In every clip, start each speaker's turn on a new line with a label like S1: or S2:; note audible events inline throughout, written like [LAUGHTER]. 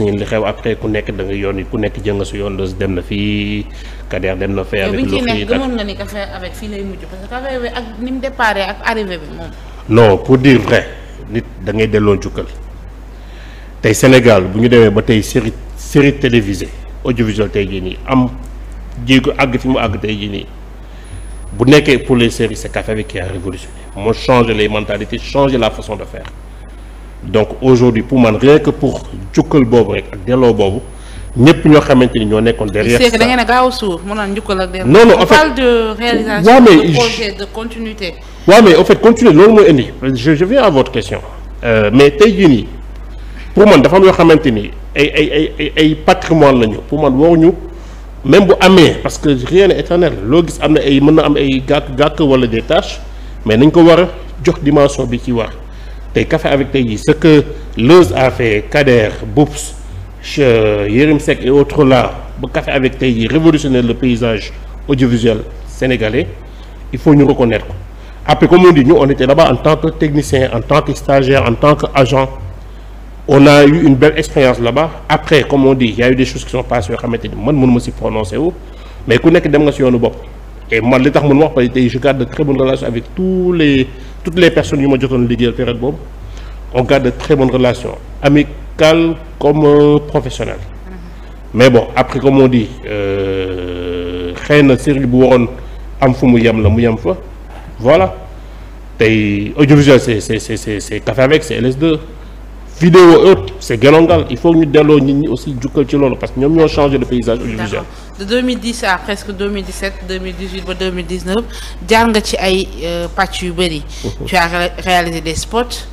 S1: ngeen li xew après ku nekk da yoon yi ku nekk jënga su yoon los dem na fii Kader dem na fee. avec ni
S2: que avec fii lay mujj parce
S1: que pour dire vrai nit da ngay delloo njukkal tey Sénégal bu ñu demee ba tey série série télévisée audiovisuel tey jii nii am jéego àgg fi mu àgg tey jii nii. bu nekkee pour les séries c'est Café avec qui a révolutionné moo changer les mentalités changer la façon de faire donc aujourd'hui pour man rien que pour jukkal boobu rek ak delloo boobu ñëpp ñoo xamante ni ñoo nekkoon derrière. c'est que
S2: da ngeen a gaaw suur mu naan jukkal ak. non non en fait on parle de
S1: réalisation. waaw mais de projet
S2: de continuité.
S1: waaw euh, mais tey jii nii pour man dafa yoo xamante ni ay ay ay ay patrimoine lañu pour man waruñu même bu amee parce que rien n'est éternel loo gis am na ay mën am ay gàkk gàkk wala des tâches mais nañ ko war a jox dimension bi ci war. tey café avec tey jii ce que Leuze a fait Kader Boups euh, Yérim Seck et autres là ba café avec tey jii révolutionnaire le paysage audiovisuel sénégalais il faut ñu reconnaître ko après comme on dit ñu on était là-bas en tant que technicien en tant que stagiaire en tant que agent on a eu une belle expérience là-bas après comme on dit y a eu des choses qui sont passées yoo xamante ni man mënuma si prononcé wu mais ku nekk dem nga si yoonu bopp et man tax mun wax parce que tey très bonnes relations avec tous les toutes les personnes yu ma jotoon liggéeyal période boobu on garde de très bonnes relations comme euh, professionnelles mm-hmm. mais bon après comme on dit euh, xëy na série bu waroon am fu mu yem la mu yem fa voilà tey audiovisuel c'est c'est c'est c'est Café avec c'est ls vidéo haute c' est gelongal il faut ñu delloo nit ñi aussi jukkal ci loolu parce que ñoom ñoo changé le paysage audiovisuel
S2: de 2010 à presque 2017 2018 ba 2019 jaar nga ci ay euh, pàcc yu bëri mhm. tu as réalisé des spots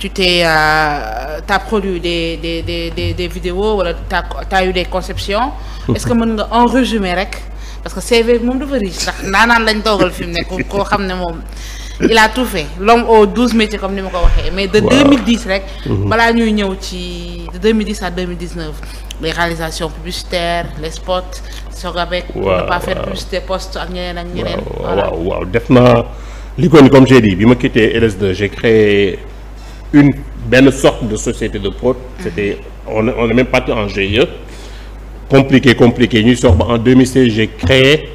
S2: tu t'es euh, t'as produit de des des des, des vidéos wala t'as t'as eu des conceptions mhm. est-ce que mën nga en résumé rek parce que CV moom dafa riche ndax naanaan lañ toogal fi mu nekk koo xam ne moom il a tout fait l'homme aux douze métiers comme ni ma ko waxee mais de 2010 rek mhm. balaa ñuy ñëw ci de 2010 à 2019 les réalisations publicitaires les spots Sogabek ne pas faire publicité poste ak ñeneen ak ñeneen
S1: waaw li comme j'ai dit bi ma j'ai créé une benn sorte de société de prod mhm. c'était on on est même parti en GIE compliqué compliqué ñuy sox ba en j'ai créé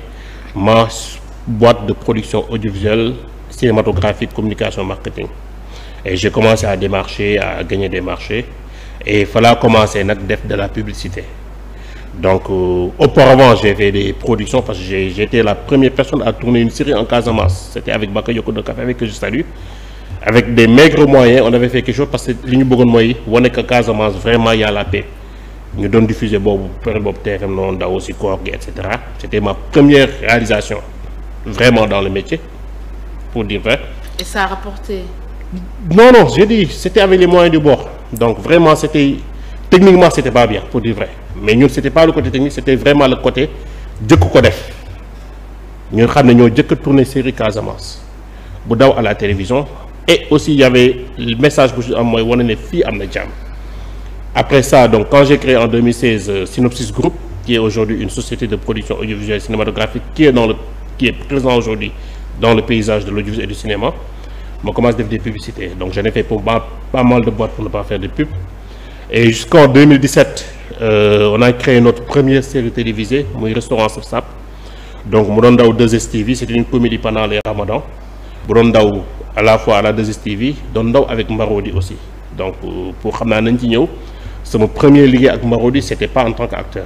S1: ma boîte de production audiovisuelle cinématographique, communication, marketing. Et j'ai commencé à démarcher, à gagner des marchés. Et il fallait commencer à faire de la publicité. Donc, euh, auparavant, j'ai fait des productions parce que j'étais la première personne à tourner une série en Casamance. C'était avec Bakayoko de Café, avec que je salue. Avec des maigres moyens, on avait fait quelque chose parce que l'Union Bourgogne, on est qu'à Casamance, vraiment, il a la paix. Nous donnons diffuser Bob, Bob Terre, non, Dao, etc. C'était ma première réalisation, vraiment dans le pour dire vrai.
S2: et ça a rapporté.
S1: non non j'ai dit c'était avec les moyens du bord donc vraiment c'était techniquement c'était pas bien pour dire vrai mais ñun c'était pas le côté technique c'était vraiment le côté jëkk ko def ñun xam ne ñoo jëkk a tourné bu daw à la télévision et aussi il y avait le message bu si am mooy wane ne fii am na jàmm après ça donc quand j'ai créé en 2016 euh, Synopsis Group qui est aujourd'hui une société de production audiovisuelle dans le paysage de l'audiovisuel et du cinéma ma commencé def des publicités donc j'en ai fait pour pas, pas mal de boîtes pour ne pas faire de pub et jusqu'en euh, on a créé notre première série télévisée muy restaurant Sap donc mu doon daw 2STV c'était une comédie pendant les ramadans bu doon daw à la fois à la 2STV doon daw avec Marodi aussi donc euh, pour xam naa nañ ci ñëw sa sama premier liggéey ak Marodi c'était pas en tant qu'acteur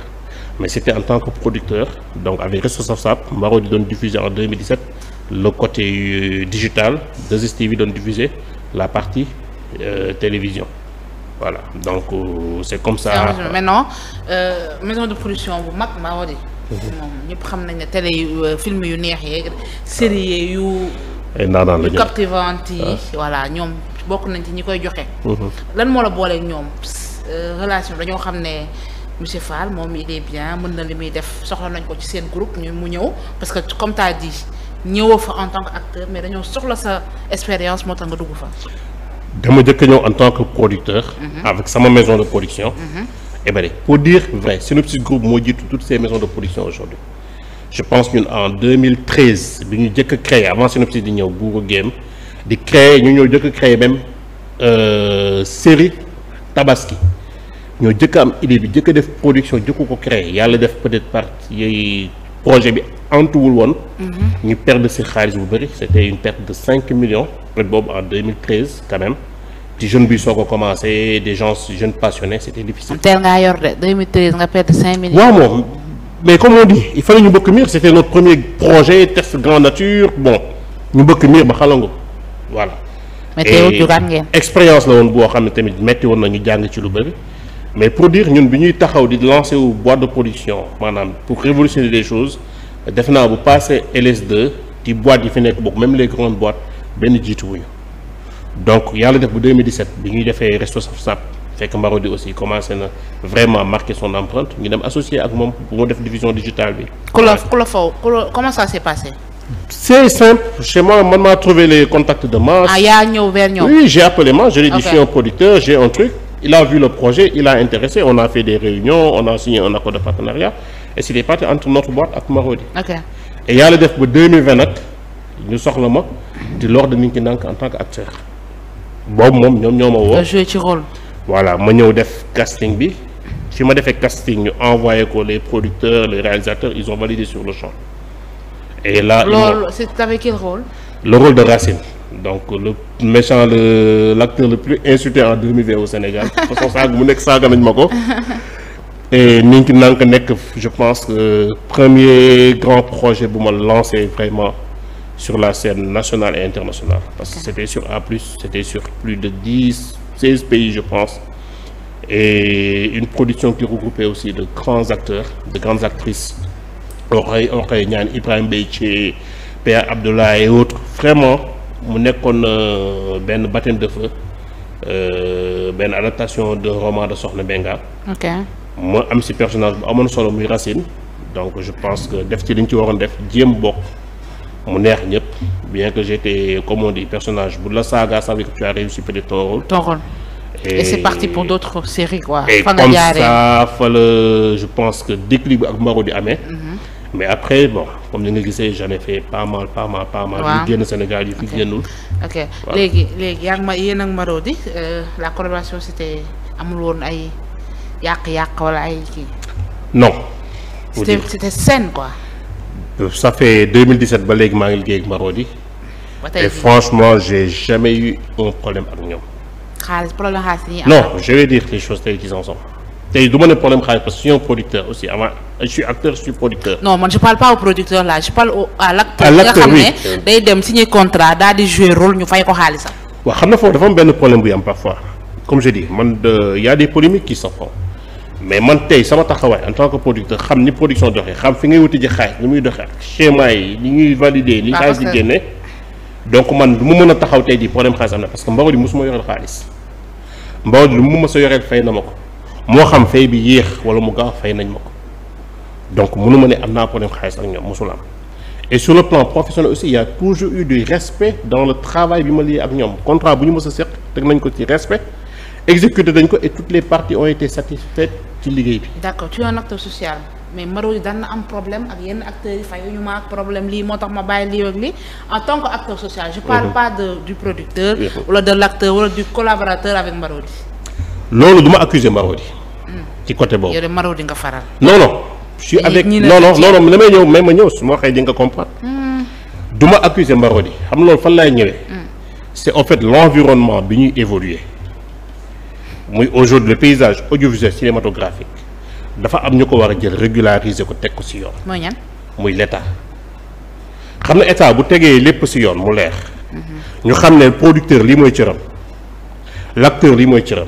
S1: mais c'était en tant que producteur donc avec le côté euh, digital 2STV doon diffuser la partie euh, télévision voilà donc euh, c'est comme ça.
S2: maintenant maison de production bu mag Marodi. Mhm. moom ñëpp xam nañ ne télé yu film yu neex yeeg série yu.
S1: ndaanaan la ñu captivante yi ah.
S2: voilà ñoom bokk nañ ci ñi koy joxe. Mhm. lan moo la booleeg ñoom relation dañoo xam ne monsieur Fall moom il est bien mën na li muy def soxla nañ ko ci seen group mu ñëw parce que comme t'as dit. ñëwoo fa en tant que acteur mais dañoo soxla sa expérience moo tax nga dugg fa.
S1: dama jëkk ñëw en tant que producteur. Mm -hmm. avec sama maison de production. Mhm. et eh bien pour dire vrai Synopsis Group moo jiitu toutes ces maisons de production aujourd'hui je pense ñun en 2013 bi ñu jëkk créé avant Synopsis di ñëw Bourou Game di créé ñu ñoo jëkk créé même euh, série Tabaski ñoo jëkk am idée bi jëkk def production jëkk ko créé yàlla def peut-être partie projet bi antuwul woon. Mhm. ñu perdre si xaalis bu bëri c' était une perte de cinq millions. boobu en 2013 quand même ci jeune bi soo ko commencé des gens jeunes passionnés c' était difficile. teel
S2: ngaa yor de 2013 nga perdre cinq millions. waaw moom
S1: mais comme on dit il fallait ñu bëkk miir c' était notre premier projet test grand nature bon ñu bëkk miir ba xalangu voilà.
S2: mais teewul jugaat ngeen.
S1: expérience la woon boo xam ne tamit metti woon ñu jàng ci lu bëri. mais produire ñun bi ñuy taxaw di lancer wu boîte de production maanaam pour révolutionner les choses def naa bu passé LS2 ci boîte yi fi nekk bokk même les grandes boîtes benn jiituwuñu donc yàlla def bu 2017 bi ñuy defee resto saf sap fekk Marodi aussi commencé na vraiment marquer son empreinte ñu dem associé ak moom bu mu def division digitale bi.
S2: ku la ku la faw ku la
S1: c'est simple chez moi man ma trouvé les contacts de Mass. ah
S2: ñëw vers ñoom. oui j'ai appelé
S1: Mass je lui ai il a vu le projet il a intéressé on a fait des réunions on a signé un accord de partenariat et c'est des parties entre notre boîte ak Marodi okay. et yàlla def ba 2020 nag ñu soxla ma di l'ordre Ninki Nanka en tant que acteur boobu moom ñoom ñoo ma woo joué ci rôle voilà ma ñëw def casting bi fi ma defee casting ñu envoyé ko les producteurs les réalisateurs ils ont validé sur le champ et là loolu
S2: c'est avec quel rôle
S1: le rôle de Racine donc le méchant le l'acteur le plus insulté en 2020 au Sénégal façon [LAUGHS] saaga mu nekk saaga nañ ma ko et ni ki nank nekk je pense que premier grand projet bu ma lancer vraiment sur la scène nationale et internationale parce que c'était sur à A+, c'était sur plus de dix seize pays je pense et une production qui regroupait aussi de grands acteurs de grandes actrices Orey Orey Niane Ibrahima Mbaye Thié Père Abdoulaye et autres vraiment mu nekkoon euh, benn baptême de feu euh, benn adaptation de roman de Soxna Benga. ok mu am si personnage bu amoon solo muy Racine. donc je pense que def ci li ñu ci waroon def jéem bokk mu neex ñëpp bien que j'étais comme on dit personnage bu la saaga ça veut dire que tu as réussi peut-être
S2: pour d'autres séries quoi. fa nga
S1: jaaree je pense que déclic ak ak di amee. Mm-hmm. mais après bon comme ni nga gisee j'en ai fait pas mal pas mal pas mal. waaw yu génn Sénégal yu fi génnul.
S2: ok léegi léegi yaa ngi ma yéen ak Marodi euh, la collaboration c'était amul woon ay yàq-yàq wala ay kii.
S1: non. c'était c'était
S2: sain quoi.
S1: ça fait ba léegi ma ngi liggéey ak Marodi.
S2: ba franchement
S1: j'ai jamais eu un problème ak ñoom.
S2: xaalis problème xaalis yi am. non
S1: je vais dire les choses telles qu'ils en sont. tey du ma ne problème xaalis parce que je suis un producteur avant ah je acteur je producteur.
S2: non man je parle pas producteur là je parle au l'acteur. nga xam ne day dem si signer contrat daal di jouer rôle ñu fay ko xaalisam.
S1: waaw xam na foofu dafa am benn problème buy am parfois comme je dis man de y a des polémiques qui se font mais man tey sama taxawaay en tant que producteur xam ni production doxee xam fi ngay wuti ji xaalis ni muy doxee ak schéma yi ni ñuy valider. ni xaalis donc man du ma mën a taxaw tey jii problème xaalis na parce que Mbawu di mosuma yoreel xaalis Mbawu mu mos a yoreel fay na ma ko. moo xam fay bi yéex wala mu gaaw fay nañ ma ko donc mënu ma ne am naa problème xaalis ak ñoom mosul am et sur le plan professionnel aussi il a toujours eu du respect dans le travail bi ma lié ak ñoom contrat bu ñu mësa set seq teg nañ ko ci respect exécuté dañ ko et toutes les parties ont satisfaites ci liggéey bi.
S2: d'accord tu es un mais Marodi daan na am problème ak yenn acteurs yi fayu ñu ma ak problème lii moo tax ma bàyyi lii ak lii en tant que acteur social. je parle mm-hmm. mm-hmm. wala mm -hmm. wala du collaborateur avec
S1: loolu duma ma accuser Marodi ci côté boobu yow de
S2: Marodi nga faral. non non
S1: je suis avec non non non non damay ñëw même ma ñëw su ma waxee di nga comprendre. Hmm. du ma accuser Marodi xam nga loolu fan laay ñëwee. Hmm. c'est en fait l'environnement bi ñuy évoluer muy aujourd'hui le paysage audiovisuel cinématographique dafa am ñu ko war a jël régulariser ko teg ko ci yoon. mooy ñan muy l'état xam na état bu tegee lépp ci yoon mu leer. Hmm. ñu xam ne producteur lii mooy cëram l'acteur lii mooy cëram.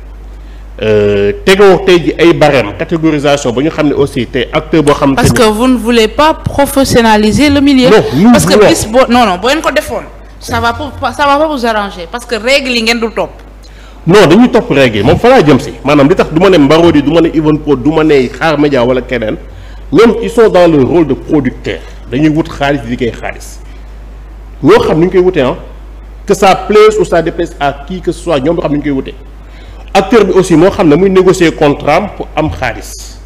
S1: Euh, tegoo tey ji ay barème catégorisation ba ñu xam ne aussi tey acteur boo xam. parce que vous ne voulez pas
S2: professionnaliser le
S1: milieu. non parce que bis boo non non boo leen ko defoon. ça va pas ça va pas vous
S2: arranger parce que règle yi ngeen du topp.
S1: non dañuy topp règle yi moom fa laa jëm si maanaam li tax du ma ne Mbarodi du ma ne Evenprod du ma ne Xaar Média wala keneen ñoom ils sont dans le rôle de producteur dañuy wut xaalis di liggéey xaalis ñoo xam ni ñu koy wutee ah que ça plaise ou ça déplaise à qui que ce soit ñoom ñoo xam ni ñu koy wutee. acteur bi aussi moo xam ne muy négocier contrat pour am xaalis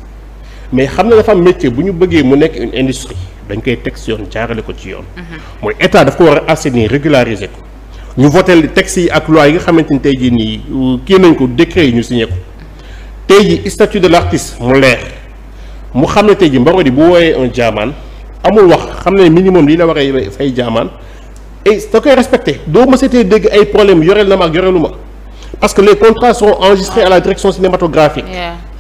S1: mais xam ne dafa am métier bu ñu bëggee mu nekk une industrie dañ koy teg si yoon jaarale ko ci yoon. Mhm. mooy état daf ko war a assainir régulariser ko. ñu voté texte yi ak loi yi nga xamante ni tey jii nii euh, kii nañ ko décret yi ñu signé ko tey ji statut de l' artiste mu leer mu xam ne tey jii di bu wooyee un jaamaan amul wax xam ne minimum lii la war fay jaamaan et da koy respecté doo ma seetee dégg ay problème yoreel na ma ak parce que les contrats sont enregistrés à la direction cinématographique.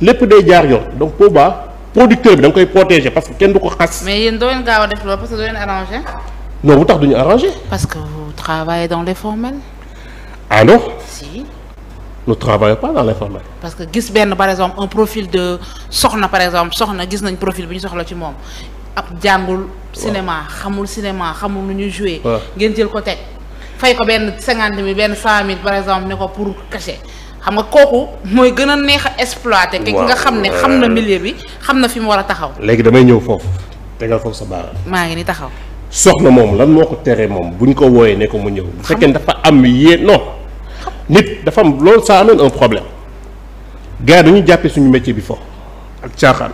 S1: lépp day jaar yoon donc boobaa producteur bi da koy protéger parce que kenn du ko xas.
S2: mais yéen doo leen gaaw a def loolu parce que doo leen arrangé.
S1: non tax du ñu arrangé.
S2: parce que vous travaillez dans les formels. ah non. si.
S1: nous travaillons pas dans l'informel.
S2: parce que gis benn par exemple un profil de soxna par exemple soxna gis nañ profil bi ñu soxla ci moom ab jàngul. cinéma xamul cinéma xamul nu ñuy jouer. ngeen jël ko teg. fay ko benn cinquante mille benn cent mille par exemple ne ko pour caché xam nga kooku mooy gën a neex a exploité. ki nga xam ne xam na milieu bi xam na fi mu war a taxaw. léegi damay
S1: ñëw foofu te tegal foofu sa baaraam.
S2: maa ngi ni taxaw.
S1: soxna moom lan moo ko teree moom bu ñu ko wooyee ne ko mu ñëw. bu fekkee dafa am yéen non. nit dafa am loolu ça amène un problème. gars dañu jàppee suñu métier bi foofu ak caaxaan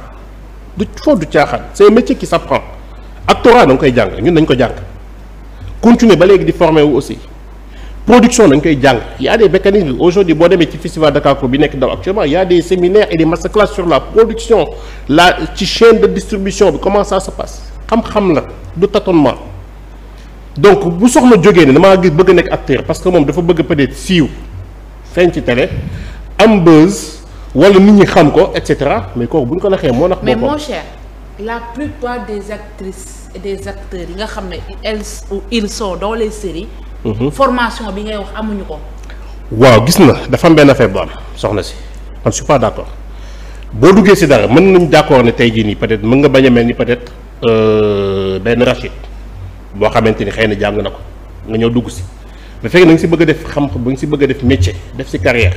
S1: du foofu du caaxaan c'est un métier qui s'apprend ak Torah da koy jàng ñun dañ ko jàng. continuer ba léegi di former wu aussi production dañ koy jàng yaa a des mécanismes aujourd'hui boo demee ci festival Dakar bi nekk daw actuellement y a des séminaires et des masterclass sur la production la ci chaîne de distribution bi comment ça se passe xam-xam la du tâtonnement donc bu soxna jógee ne damaa gis bëgg nekk acteur parce que moom dafa bëgg peut-être siiw feeñ ci télé am buzz wala nit ñi xam ko et cetera mais kooku bu ñu ko naxee moo nax. mais mon
S2: cher la des actrices. et des acteurs yi nga xam ne elles ou ils mhm. formation bi ngay wax amuñu ko.
S1: waaw gis na dafa am benn affaire bu am soxna si man je suis pas boo duggee si dara mën nañu d' accord ne tey jii nii peut être mën nga bañ a mel ni peut être euh, benn Rachid boo xamante ni xëy na jàng na ko nga ñëw dugg si bu fekkee na nga si bëgg a def xam-xam ba nga si bëgg a def métier def si carrière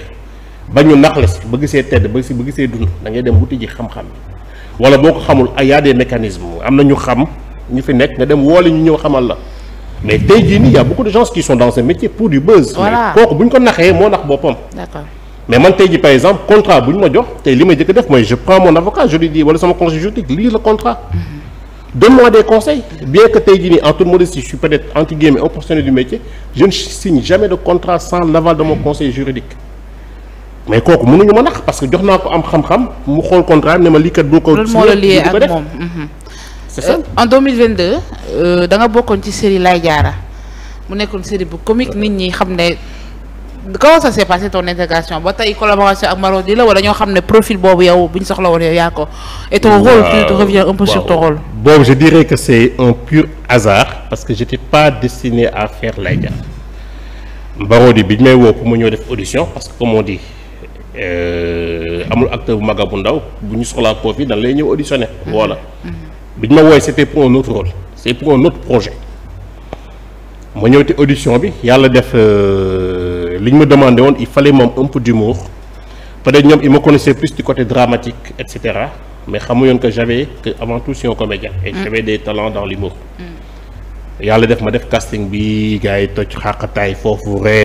S1: bañu nax la si ba gisee tedd ba si ba gisee dund da ngay dem wuti ji xam-xam wala boo ko xamul ay ah, y a am na ñu xam. ñu fi nekk nga dem woole ñu ñëw xamal la mais tey jii nii y' a beaucoup de gens qui sont dans ce métier pour du buzz. kooku bu ñu ko naxee moo nax boppam. d'accord mais man tey jii par exemple contrat bu ñu ma jox tey li may jëkk def mooy je prends mon avocat je lui dis wala sama conseil juridique lire le contrat. Mhm. donne-moi des conseils bien que tey jii nii en toute modestie je suis peut-être entre du métier je signe jamais de contrat sans l'aval de mon c'est ça en
S2: 2022 euh, da nga bokkoon ci série Laye jaara mu nekkoon série bu comique nit ñi xam ne comment ça s'est passé ton intégration ba tey collaboration ak Marodi la wala ñoo xam ne profil boobu yow bu ñu soxla woon yow yaa ko et ton rôle tu un peu sur ton
S1: boobu je dirais que c'est un pur hasard parce que j'étais pas destiné à faire Laye Diarra Marodi bi ñu may woo pour mu ñëw def audition parce que comme on dit euh, amul acteur bu mag bu ndaw bu ñu soxlaa koo fii dañ lay ñëw auditionné mm-hmm. voilà mm-hmm. bi ñu ma wooye c'était pour un autre rôle c'est pour un autre projet ma ñëw ci audition bi yàlla def euh, li ñu ma demande woon il fallait moom un peu d'humour peut-être ñoom ils me connaissaient plus du côté dramatique et cetera mais xamu yoon que j'avais que avant tout je suis un comédien et mm. j'avais des talents dans l'humour
S2: mm.
S1: yàlla def ma def casting bi gars toj xàqataay foofu
S2: ree